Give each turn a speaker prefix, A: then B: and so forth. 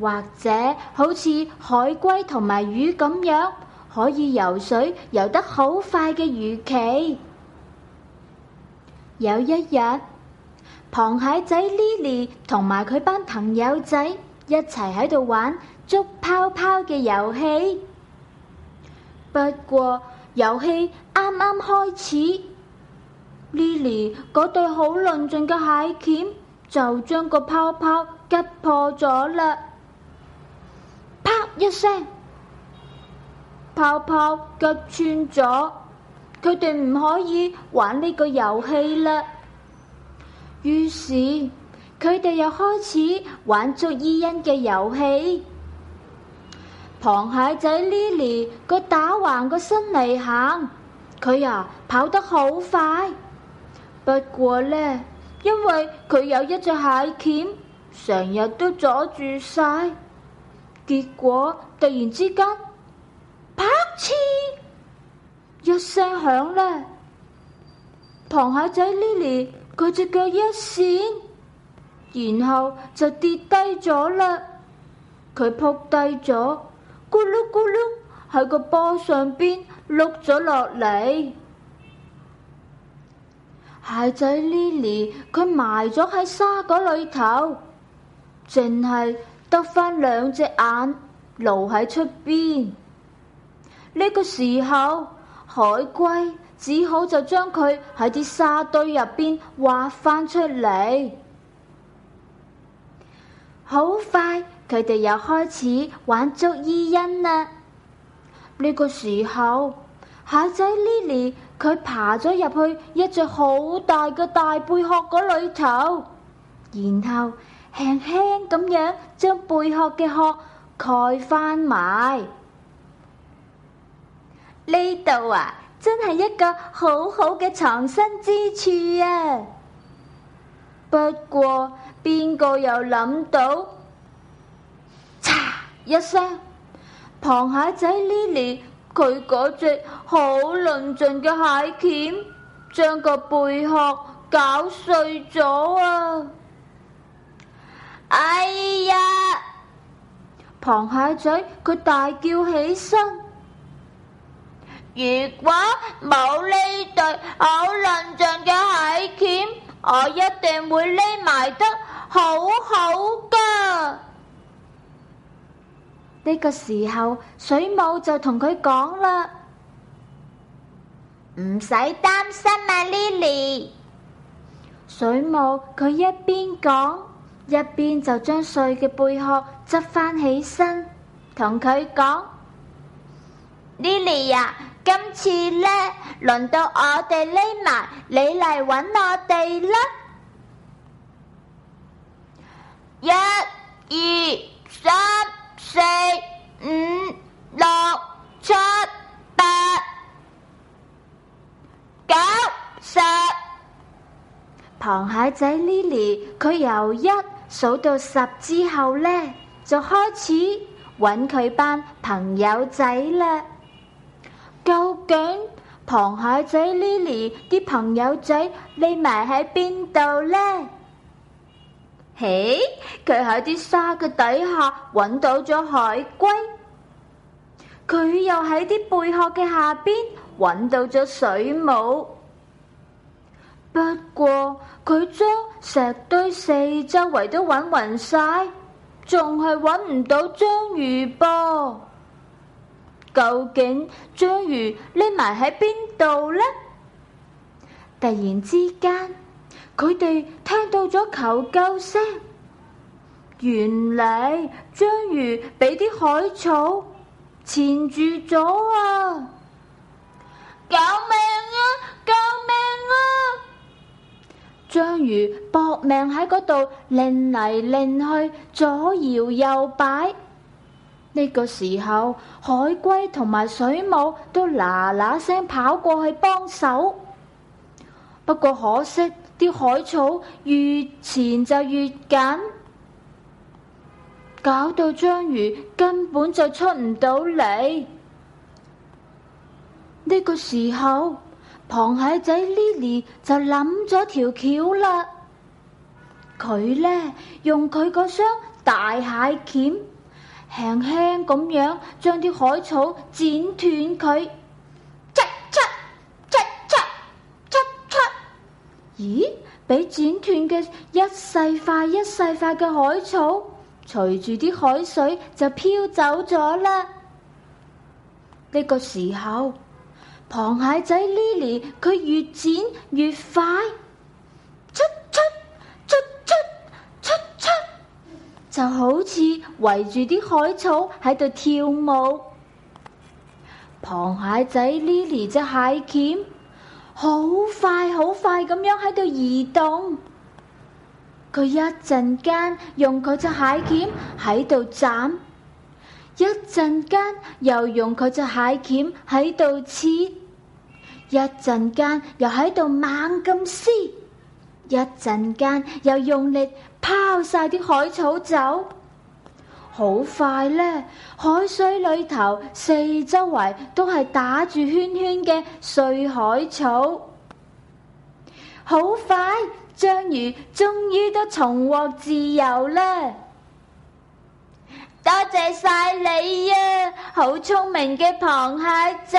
A: 或者好似海龜同埋魚咁樣，可以游水游得好快嘅魚鰭。有一日，螃蟹仔 Lily 同埋佢班朋友仔一齊喺度玩捉泡泡嘅遊戲。不過遊戲啱啱開始，Lily 嗰對好論盡嘅蟹鉗就將個泡泡擊破咗啦。一聲，泡泡夾穿咗，佢哋唔可以玩呢個遊戲啦。於是佢哋又開始玩捉伊人嘅遊戲。螃蟹仔 Lily 個打橫個身嚟行，佢呀跑得好快。不過呢，因為佢有一隻蟹鉗，成日都阻住晒。結果突然之間，啪嚓一聲響啦，螃蟹仔 Lily 佢隻腳一閃，然後就跌低咗啦，佢扑低咗，咕嚕咕嚕喺個波上邊碌咗落嚟，蟹仔 Lily 佢埋咗喺沙嗰裏頭，淨係。得翻兩隻眼露喺出邊，呢個時候海龜只好就將佢喺啲沙堆入邊挖翻出嚟。好快，佢哋又開始玩捉伊人啦。呢個時候，蟹仔 Lily 佢爬咗入去一隻好大嘅大貝殼嗰裏頭，然後，輕輕咁樣將貝殼嘅殼蓋翻，埋呢度啊，真係一個好好嘅藏身之處啊！ 不過邊個又諗到，嚓一聲，螃蟹仔 Lily 佢嗰隻好論盡嘅蟹鉗，將個貝殼搞碎咗啊！哎呀！螃蟹仔佢大叫起身。如果冇呢對好論盡嘅蟹鉗，我一定會匿埋得好好噶。呢個時候，水母就同佢講啦：唔使擔心啊，Lily。水母佢一邊講。一邊就將碎嘅貝殼執翻起身，同佢講：Lily 呀，今次咧輪到我哋匿埋，你嚟搵我哋啦！一、二、三、四、五、六、七、八、九、十。螃蟹仔 Lily 佢由一。數到十之後呢，就開始揾佢班朋友仔啦。究竟螃蟹仔 Lily 啲朋友仔匿埋喺邊度呢？嘿，佢喺啲沙嘅底下揾到咗海龜，佢又喺啲貝殼嘅下邊揾到咗水母。不過佢將石堆四周圍都揾勻晒，仲係揾唔到章魚噃。究竟章魚匿埋喺邊度呢？突然之間，佢哋聽到咗求救聲。原來章魚俾啲海草纏住咗啊！章魚搏命喺嗰度擰嚟擰去，左搖右擺。呢個時候，海龜同埋水母都嗱嗱聲跑過去幫手。不過可惜，啲海草越纏就越緊，搞到章魚根本就出唔到嚟。呢個時候。螃蟹仔 Lily 就諗咗條橋啦，佢咧用佢個雙大蟹鉗，輕輕咁樣將啲海草剪斷佢，七七七七七七，咦？俾剪斷嘅一細塊一細塊嘅海草，隨住啲海水就飄走咗啦。呢、這個時候。螃蟹仔 Lily 佢越剪越快，出出出出出出，出出，就好似圍住啲海草喺度跳舞。螃蟹仔 Lily 隻蟹鉗好快好快咁樣喺度移動，佢一陣間用佢隻蟹鉗喺度斬，一陣間又用佢隻蟹鉗喺度切。一陣間又喺度猛咁撕，一陣間又用力拋晒啲海草走。好快呢，海水裏頭四周圍都係打住圈圈嘅碎海草。好快，章魚終於都重獲自由啦！多謝晒你啊，好聰明嘅螃蟹仔。